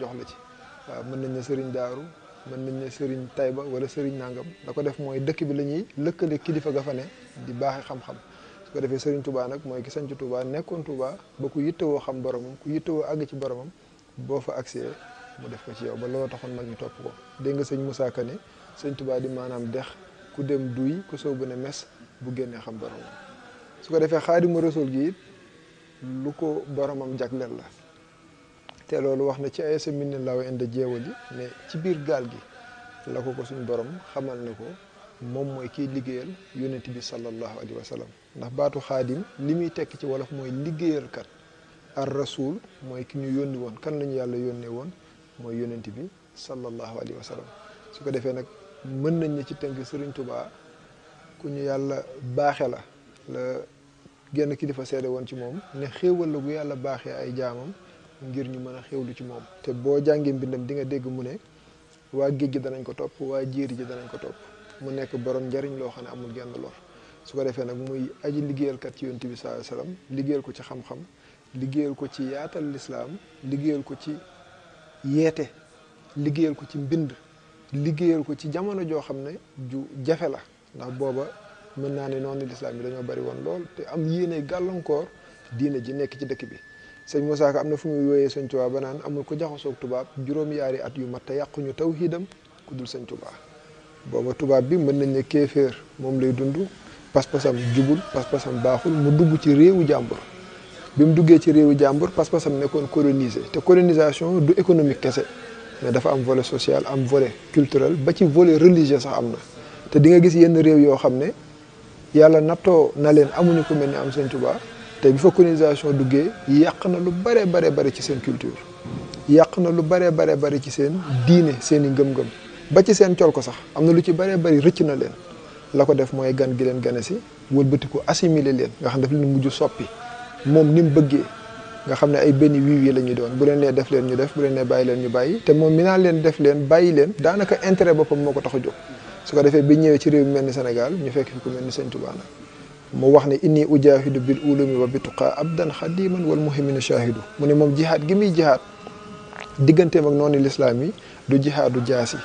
jox la ci waaw mën nañ ne sëriñ daaru mën nañ ne sëriñ tayba wala sëriñ nangam da ko def mooy dëkk bi lañuy ñuy lëkkale kilifa ga fa ne di baaxe xam-xam su ko defee sëriñ Touba nag mooy ki sanc Touba nekkoon Touba ba ku yittewoo xam boromam ku yittewoo àgg ci boromam boo fa agsee mu def ko ci yow ba loo taxoon mag ñu topp ko dégg nga sëñ Moussa Kane sëñ Touba di maanaam dex ku dem duy ku soobu ne mes bu génnee xam boromam su ko defee Xaadimu Rasuul gi lu ko boromam jagleel la te loolu wax na ci ay sëmin ne law inde jeewal yi ci biir gaal gi la ko ko suñu borom xamal na ko moom mooy kii liggéeyal yonent bi sallallahu alayhi wa sallam ndax baatu xaadim li muy tekk ci wolof mooy liggéeyalkat ar rasul mooy ki ñu yónni woon kan lañu yàlla yónnee woon mooy yonent bi sallallahu alayhi wa sallam su ko defee nag mën nañ ne ci tënk Sëriñ Tuubaa ku ñu yàlla baaxe la la genn kilifa seede woon ci moom ne xéewal la gu yàlla baaxee ay jaamam ngir ñu mën a xewlu ci moom te boo jàngee mbindam di nga dégg mu ne waa géej gi danañ ko topp waa jéeri ji danañ ko topp mu nekk borom njariñ loo xam ne amul genn lool su ko defee nag muy aji liggéeyalkat ci yonent bi sallallahu alayhi liggéeyal ko ci xam-xam liggéeyal ko ci yaatal lislaam liggéeyal ko ci yeete liggéeyal ko ci mbind liggéeyal ko ci jamono joo xam ne ju jafe la ndax booba mën naa ne noonu lislaam bi dañoo bari woon lool te am yéene gàllankoor diine ji nekk ci dëkk bi sëñ Moussa am na fu mu muy wooyee sëñ Tuubaa ba naan amul ku jaxasoog tubaab juróom yaari at yu mat te yàquñu tawhiidam ku dul sëñ Tuubaa booba tubaab bi mën nañ ne kéeféer moom lay dund pas-pasam jubul pas-pasam baaxul mu dugg ci réewu jàmbur bi mu duggee ci réewu jàmbur pas-pasam nekkoon colonisé te colonisation du économique kese mais dafa am volet social am vole culturel ba ci volet religieux sax am na te di nga gis yenn réew yoo xam ne yàlla nattoo na leen amuñu ko mel ni am sëñ Tuubaa te bi fa colonisation duggee yàq na lu bare bare bare ci seen culture yàq na lu bare bare bare ci seen diine seen i ngëm-ngëm ba ci seen col ko sax am na lu ci bare bari rëcc na leen la ko def mooy gan gi leen gane si wëlbatiku assimiler leen nga xam daf leen mujj soppi moom ni mu bëggee nga xam ne ay benn wii wii la ñuy doon bu leen nee def leen ñu def bu leen nee bàyyi leen ñu bàyyi te moom mi naa leen def leen bàyyi leen daanaka intérêt boppam moo ko tax a jóg su ko defee bi ñëwee ci réew mel ni Sénégal ñu fekk fi mel ni Sëñ Tuubaa mu wax ne inni ujahidu bil ulumi wa bituqa abdan xadiman wal muhiminu shahidu mu ne moom jihaad gi muy jihaad digganteem ak noonu lislaam yi du jihaadu jaasi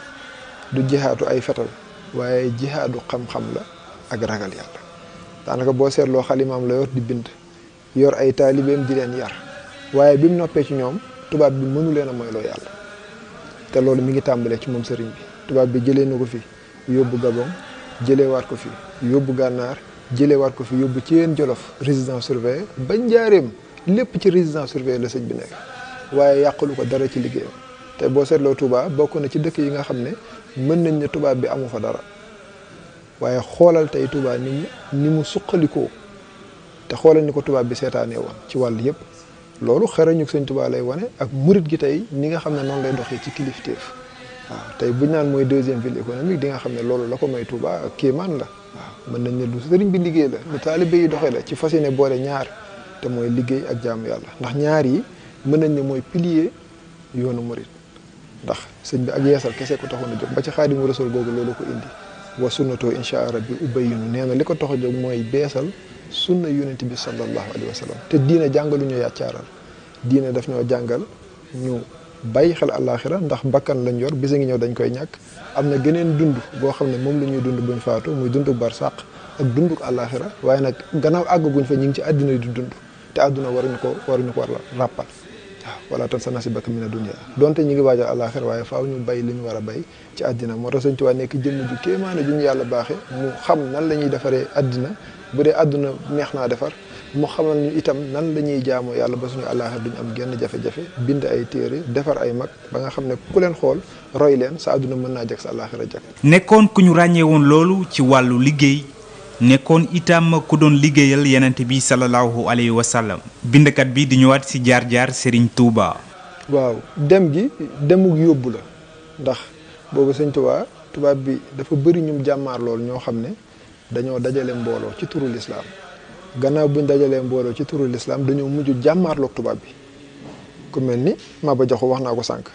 du jihaadu ay fetal waaye jihaadu xam-xam la ak ragal yàlla daanaka boo seetloo xalimaam la yor di bind yor ay taalibeem di leen yar waaye bi mu noppee ci ñoom tubaab bi mënu leen a moyloo yàlla te loolu mi ngi tàmbalee ci moom sëriñ bi tubaab bi jëlee na ko fi yóbbu Gabon jëleewaat ko fi yóbbu gànnaar jëlewaat ko fi yóbbu ci yéen jolof résidence surveillée ba njaareem lépp ci résidence surveillée la sëñ bi nekk waaye yàqulu ko dara ci liggéeyam te boo seetloo Touba bokk na ci dëkk yi nga xam ne mën nañ ne tubaab bi amu fa dara waaye xoolal tey Touba ni mu ni mu suqalikoo te xoolal ni ko tubaab bi seetaanee woon ci wàll yëpp loolu xarañu sëñ Touba lay wane ak murit gi tey ni nga xam ne noonu lay yi ci kilifteef waaw tey buñ naan mooy deuxième ville économique di nga xam ne loolu la ko may Touba ak kéemaan la mën nañ ne lu sëriñ bi liggéey la lu taalibe yi doxee la ci fas yéene boole ñaar te mooy liggéey ak jaamu yàlla ndax ñaar yi mën nañ ne mooy pilier yoonu murit ndax sëñ bi ak yeesal kese ko taxoon na jóg ba ci xaadimu rasul googu loolu ko indi wa sunnatoo incha bi rabbi ubayinu nee na li ko tax jóg mooy beesal sunna yonent bi sallallahu alayhi wa sallam te diine jàngaluñu yàccaaral diine daf ñoo jàngal ñu bàyyi xel àllaaxira ndax bakkan lañ yor bisa ngi ñëw dañu koy ñàkk am na geneen dund boo xam ne moom la ñuy dund buñ faatu muy dundu barsàq ak dunduk àllaaxira waaye nag gannaaw àgg guñ fa ñu ngi ci àddina di dund te àdduna war ko waruñu ko war a ràppal wala tan sa nasibaka na dunya donte ñu ngi waaj a àllaaxira waaye faaw ñu bay li ñu war a bay ci àddina moo tax Sëñ Tuubaa nekk jëmm ju kéemaane ju ñu yàlla baaxe mu xam nan la ñuy defaree àddina bu dee àdduna neex naa defar mu xamal ñu itam nan la ñuy jaamoo yàlla ba suñu àllaaxira duñu am genn jafe-jafe bind ay téere defar ay mag ba nga xam ne ku leen xool roy leen sa àdduna mën naa jag sa àllaaxira jag nekkoon ku ñu ràññee loolu ci wàllu liggéey nekkoon itam ku doon liggéeyal yenent bi sallallahu alayhi wa sallam bindkat bi di ñëwaat ci jaar jaar sëriñ Touba. waaw dem gi demuk yóbbu la ndax boobu sëñ Touba tubaab bi dafa bëri ñum jàmmaar lool ñoo xam ne dañoo dajale mbooloo ci turu lislaam gannaaw buñ dajalee mbooloo ci turu lislaam dañoo mujj jàmmaarloog tubaab bi ku mel ni ma Maba Jaxu wax naa ko sànq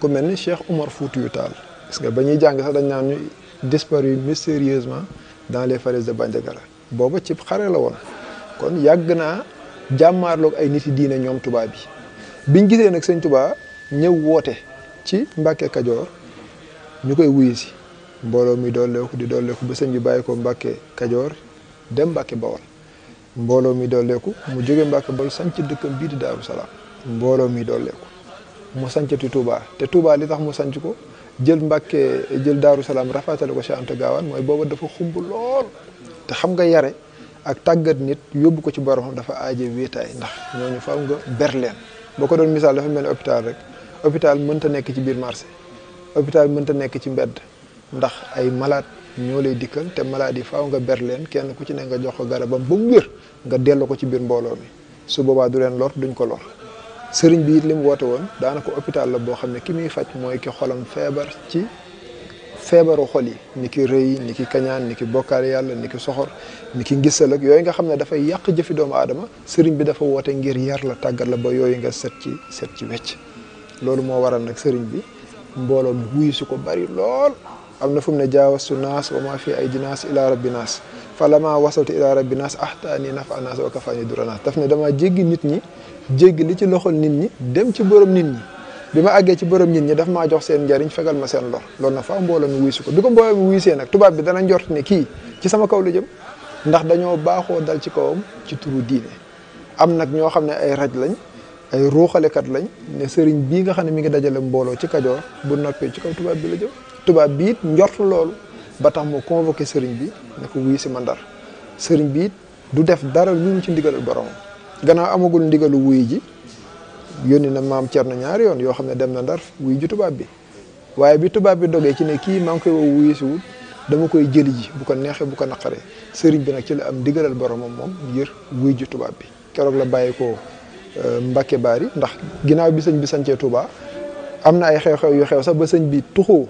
ku mel ni Cheikh Omar Foutiyou Tall parce que ba ñuy jàng sax dañ naan ñu disparu mystérieusement dans les falaises de Bandiagara booba cib xare la woon kon yàgg naa jàmmaarloog ay nit yi diine ñoom tubaa bi biñ gisee nag sëñ tubaa ñëw woote ci Mbàkke Kajoor ñu koy wuye si mbooloo mi dooleeku di dooleeku ba sëñ bi bàyyi ko Mbàkke Kajoor dem Mbàkke Bawol mbooloo mi dooleeku mu jóge Mbàkke Bawol sanc dëkkam bii di Daaru Salaam mbooloo mi dooleeku mu sancati tubaa te Touba li tax mu sanc ko jël Mbàkke jël Daaru Salaam rafatale ko Cheikh Anta Gaawaan mooy booba dafa xumb lool te xam nga yare ak tàggat nit yóbbu ko ci boromam dafa aaje wéetaay ndax ñooñu faw nga berleen boo ko doon misaal dafa mel ni hôpital rek hôpital mënta nekk ci biir marché hôpital mënta nekk ci mbedd ndax ay malaat ñoo lay dikkal te malade yi faw nga berleen kenn ku ci ne nga jox ko garabam ba mu wér nga delloo ko ci biir mbooloo mi su boobaa du leen lor duñ ko lor sëriñ bi it li mu woote woon daanaka hôpital la boo xam ne ki muy faj mooy ki xolam feebar ci feebaru xol yi ni ki rëy ni ki kañaan ni ki bokkaal yàlla ni ki soxor ni ki ngisal ak yooyu nga xam ne dafay yàq jëfi doomu aadama sëriñ bi dafa woote ngir yar la tàggat la ba yooyu nga set ci set ci wecc loolu moo waral nag sëriñ bi mbooloo mi wuyu ko bari lool am na fu mu ne jaawastu naas wa maa fi ay dinaas ilaa rabbi naas fa lama wasawtu ilaa rabbi naas ahtaani nafa naas fa kafaani dura naas daf ne dama jéggi nit ñi jéggi li ci loxol nit ñi dem ci borom nit ñi bi ma àggee ci borom nit ñi daf maa jox seen njariñ fegal ma seen lor loolu nag faa mbooloo mi wuysu ko bi ko mbooloo mi wuysee nag tubaab bi dana njort ne kii ci sama kaw la jëm ndax dañoo baaxoo dal ci kawam ci turu diine am nag ñoo xam ne ay raj lañ ay ruuxalekat lañ ne sëriñ bii nga xam ne mi ngi dajale mbooloo ci kajoor bu noppee ci kaw tubaab bi la jëm tubaab bi it njortu loolu ba tax mu convoqué sëriñ bi ne ko wuy ma ndar sëriñ bi it du def dara lu mu ci ndigalal boromam gannaaw amagul ndigalu wuy ji yónni na maam na ñaari yoon yoo xam ne dem na ndar wuy ji tubaab bi waaye bi tubaab bi dogee ci ne kii maa ngi koy dama koy jëli ji bu ko neexee bu ko naqaree sëriñ bi nag ci la am ndigalal boromam moom ngir wuy ji tubaab bi keroog la bàyyi ko euh, Mbàkke Baari ndax ginnaaw bi sëñ bi sancee Touba am na ay xew-xew yu xew sax ba sëñ bi tuxoo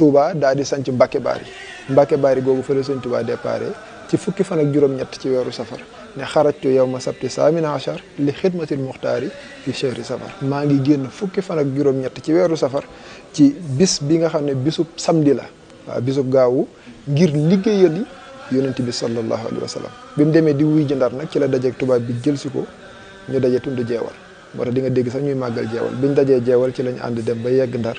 Touba daa di sanc Mbacke Bari Mbacke Bari googu fa la sëñ Touba déparé ci fukki fan ak juróom-ñett ci weeru safar ne xarajtu yow ma sabti saamina achar li xidmatil muxtaari fi chehri safar maa ngi génn fukki fan ak juróom-ñett ci weeru safar ci bis bi nga xam ne bisub samedi la waaw bisub gaawu ngir liggéeyali yonent bi sallallahu alayhi wa sallam mu demee di wuy ji nag ci la dajeeg tubaab bi jël si ko ñu daje tund jeewal moo tax di nga dégg sax ñuy màggal jeewal ñu dajee jeewal ci lañ ànd dem ba yegg ndar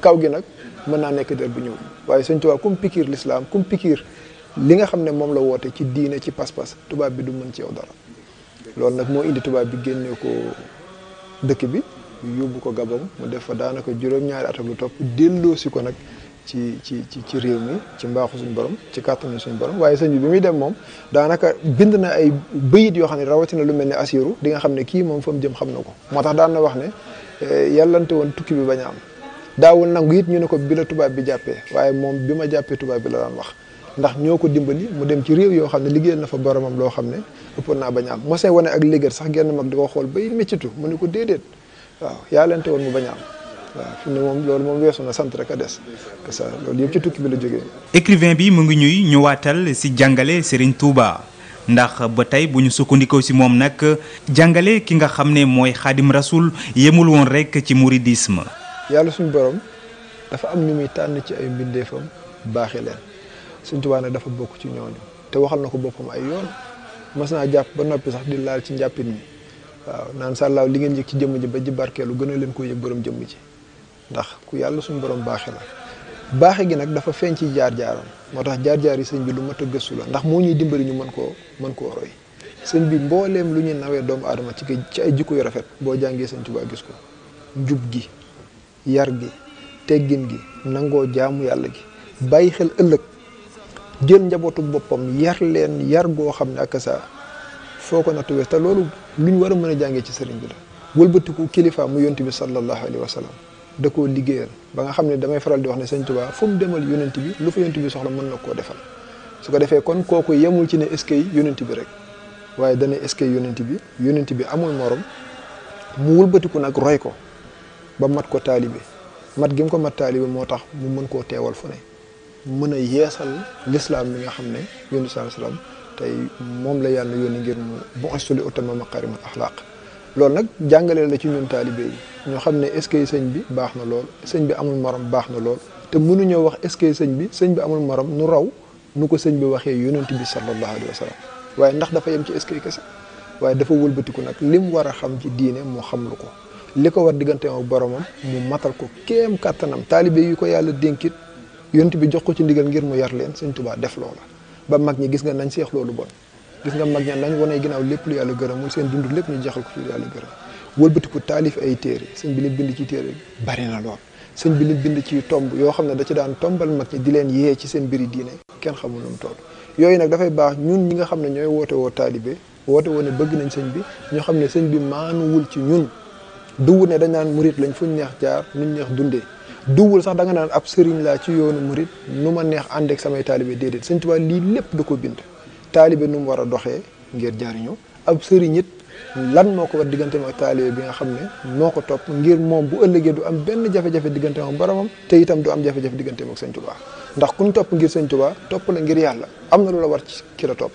kaw gi nag mën naa nekk der bu ñëw waaye sëñ Tuubaa kum pikiir lislaam kum pikiir li nga xam ne moom la woote ci diine ci pas-pas tubaab bi du mën ci yow dara loolu nag moo indi tubaab bi génnee ko dëkk bi yóbbu ko Gabon mu def fa daanaka juróom-ñaari at ak lu topp delloosi ko nag ci ci ci ci réew mi ci mbaaxu suñu borom ci kàttanu suñu borom waaye sëñ bi bi muy dem moom daanaka bind na ay bëyit yoo xam ne rawatina lu mel ni asiru di nga xam ne kii moom fa mu jëm xam na ko moo tax daan na wax ne eh, yàllante tukki bi bañ a am daawul nangu it ñu ne ko bi la tubaab bi jàppee waaye moom bi ma jàppee tubaab bi la daan wax ndax ñoo ko dimbali mu dem ci réew yoo xam ne liggéeyal na fa boromam loo xam ne ëppoon naa bañ a am mosee ak liggéey sax genn mag di ko xool bay méccitu mu ko déedéet waaw yaa woon mu bañ am moom loolu moom weesu na sant rek a des ça loolu yëpp ci tukki bi la jógee. écrivain bi mu ngi ñuy ñu waatal si jàngale Serigne Touba ndax ba tey bu ñu sukkandikoo si moom nag jàngale ki nga xam ne mooy xaadim rasul yemul woon rek ci mouridisme yàlla suñu borom dafa am ñu muy tànn ci ay mbindeefam baaxi leen suñ tubaa nag dafa bokk ci ñooñu te waxal na ko boppam ay yoon mas naa jàpp ba noppi sax di laal ci njàppit mi waaw naan sàllaaw li ngeen yëg ci jëmm ji ba ji barkeelu gën a leen ko yëg borom jëmm ji ndax ku yàlla suñu borom baaxi la baaxe gi nag dafa feeñ ci jaar-jaaram moo tax jaar-jaar yi sëñ bi lu mat a gëstu la ndax moo ñuy dimbali ñu mën koo mën koo roy sëñ bi mbooleem lu ñuy nawee doomu aadama ci ci ay jikko yu rafet boo jàngee sëñ tubaa gis ko njub gi yar gi teggin gi nangoo jaamu yàlla gi bàyyi xel ëllëg jël njabootu boppam yar leen yar goo xam ne ak saa foo ko nattuwee te loolu lu ñu war a mën a jàngee ci sëriñ bi la wëlbatiku kilifa mu yonent bi sallallahu alayhi wa sallam da ko liggéeyal ba nga xam ne damay faral di wax ne sëñ Tuubaa foofu mu demal yonent bi lu fa yonent bi soxla mën na koo defal su ko defee kon kooku yemul ci ne est-ce que yonent bi rek waaye dana est-ce que bi yonent bi amul morom mu wëlbatiku nag roy ko ba mat ko taalibe mat gi mu ko mat taalibe moo tax mu mën koo teewal fu ne mën a yeesal lislaam bi nga xam ne yónni saa salaam tey moom la yàlla yónni ngir mu bu installé ma maqaarimal axlaaq loolu nag jàngale la ci ñun taalibe yi ñoo xam ne est-ce que sëñ bi baax na lool sëñ bi amul morom baax na lool te mënuñoo wax est-ce que sëñ bi sëñ bi amul morom nu raw nu ko sëñ bi waxee yonent bi sallallahu alayhi wa sallam waaye ndax dafa yem ci est-ce que kese waaye dafa wëlbatiku war a xam ci diine moo xam lu ko li ko war diggante ak boromam mu matal ko kéem kàttanam taalibe yu ko yàlla dénkit yonent bi jox ko ci ndigal ngir mu yar leen sëñ Tuubaa def loola ba mag ñi gis nga nañ seex loolu bon gis nga mag ña nañ wanee ginnaaw lépp lu yàlla gërëmul seen dund lépp ñu jeexal ko ci lu yàlla taalif ay téere sëñ bi lim bind ci téere bari na lool sëñ bi lim bind ci tomb yoo xam ne da ci daan tombal mag ñi di leen yee ci seen mbiri diine kenn xamul lu mu yooyu nag dafay baax ñun ñi nga xam ne ñooy woote woo taalibe woote woo ne bëgg nañ sëñ bi ñoo xam ne sëñ bi maanuwul ci ñun duwul ne dañ naan murit lañ fu ñu neex jaar nuñ neex dundee duwul sax da nga naan ab sëriñ laa ci yoonu murit nu ma neex ànd ak samay taalibe déedéet Sëñ Tuubaa lii lépp da ko bind taalibe nu mu war a doxee ngir jariñoo ab sëriñ it lan moo ko war digganteem ak taalibe bi nga xam ne moo ko topp ngir moom bu ëllëgee du am benn jafe-jafe digganteem ak boromam te itam du am jafe-jafe digganteem ak Sëñ Tuubaa ndax ku ñu topp ngir Sëñ Tuubaa topp la ngir yàlla am na lu la ki la topp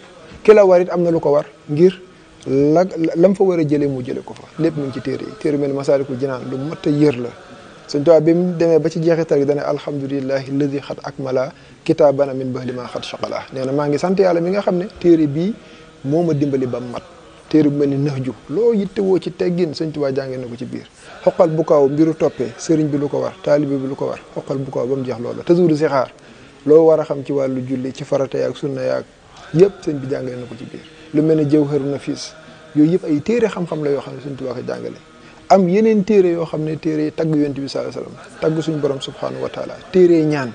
na lu ko war ngir la lam fa war a jëlee mu jële ko fa lépp mu ngi ci téere yi téere mel Masaalikul Jinaan lu mat a yër la Sëñ Tuubaa bi mu demee ba ci jeexital gi dane alhamdulillahi ladi xat ak akmala kitaabana min bahli ma xat chaqala nee na maa ngi sant yàlla mi nga xam ne téere bii moo ma dimbali ba mu mat téere bu mel ni nax ju loo yittewoo ci teggin Sëñ Tuubaa jàngee na ko ci biir xoqal bu kaw mbiru toppee sëriñ bi lu ko war taalibe bi lu ko war xoqal bu kaw ba mu jeex loola toujours si xaar loo war a xam ci wàllu julli ci farata yaag sunna yaag yëpp sëñ bi jàngee na ko ci biir lu mel ne jawharu nafis yooyu yëpp ay téere xam-xam la yoo xam ne Sëriñ Tuubaa ko jàngale am yeneen téere yoo xam ne téere tagg yonent bi sallallahu alayhi wasallam tagg suñu borom subhaanahu wa taala téere ñaan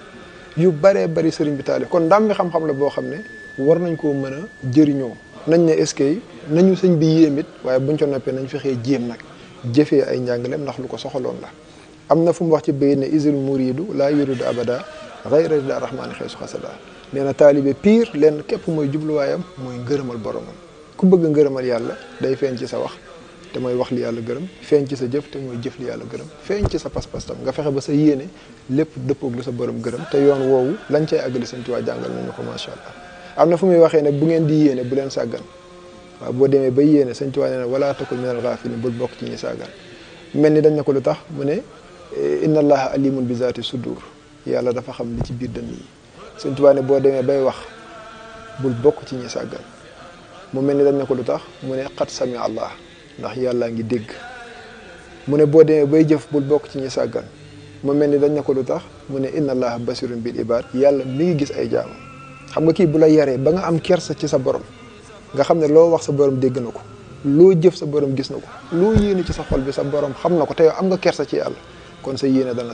yu baree bari sëriñ bi taale kon ndam mi xam-xam la boo xam ne war nañ koo mën a jëriñoo nañ ne est-ce que nañu sëñ bi yéem it waaye buñ ko noppee nañ fexee jéem nag jëfee ay njàngaleem ndax lu ko soxaloon la am na fu mu wax ci bay ne isil muridu laa yuridu abada gayra rahmaani xeesu xasada nee na taalibe pire lenn képp mooy jubluwaayam mooy ngërëmal boromam ku bëgg ngërëmal yàlla day feeñ ci sa wax te mooy wax li yàlla gërëm feeñ ci sa jëf mooy jëf li yàlla gërëm feeñ ci sa pas-pas tam nga fexe ba sa yéene lépp dëppoog lu sa borom gërëm te yoon woowu lañ cay àggali Sëñ Tuubaa jàngal nañu ko macha allah am na fu muy waxee ne bu ngeen di yéene bu leen sàggan waaw boo demee ba yéene Sëñ Tuubaa nee na wala takul minal gaafilin bul bokk ci sàggan mel ni dañ ne ko lu tax mu ne inna allaha alimun bi zaati sudur yàlla dafa xam li ci biir dënn yi sëñ Tuubaa ne boo demee bay wax bul bokk ci ñi sàggal mu mel ni dañ ne ko lu tax mu ne xat sami allah ndax yàllaa ngi dégg mu ne boo demee bay jëf bul bokk ci ñi sàggal mu mel ni dañ ne ko lu tax mu ne inna allaha basirun bil ibad yàlla mi ngi gis ay jaamam xam nga kii bu la yaree ba nga am kersa ci sa borom nga xam ne loo wax sa borom dégg na ko loo jëf sa borom gis na ko loo yéene ci sa xol bi sa borom xam na ko te am nga kersa ci yàlla kon sa yéene dana